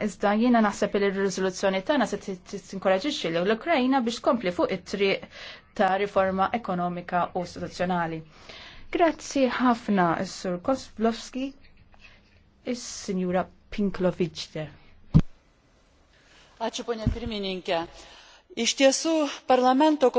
Iżda jiena naħseb li r-riżoluzzjoni tagħna se tinkoraġixxi l ukraina biex tkompli fuq it-triq ta' riforma ekonomika u istituzzjonali. Grazzi ħafna s-Sur Kosblowski, is-Sinjura Pinklovicte. Ačiū, il pirmininkė. Iš parlamento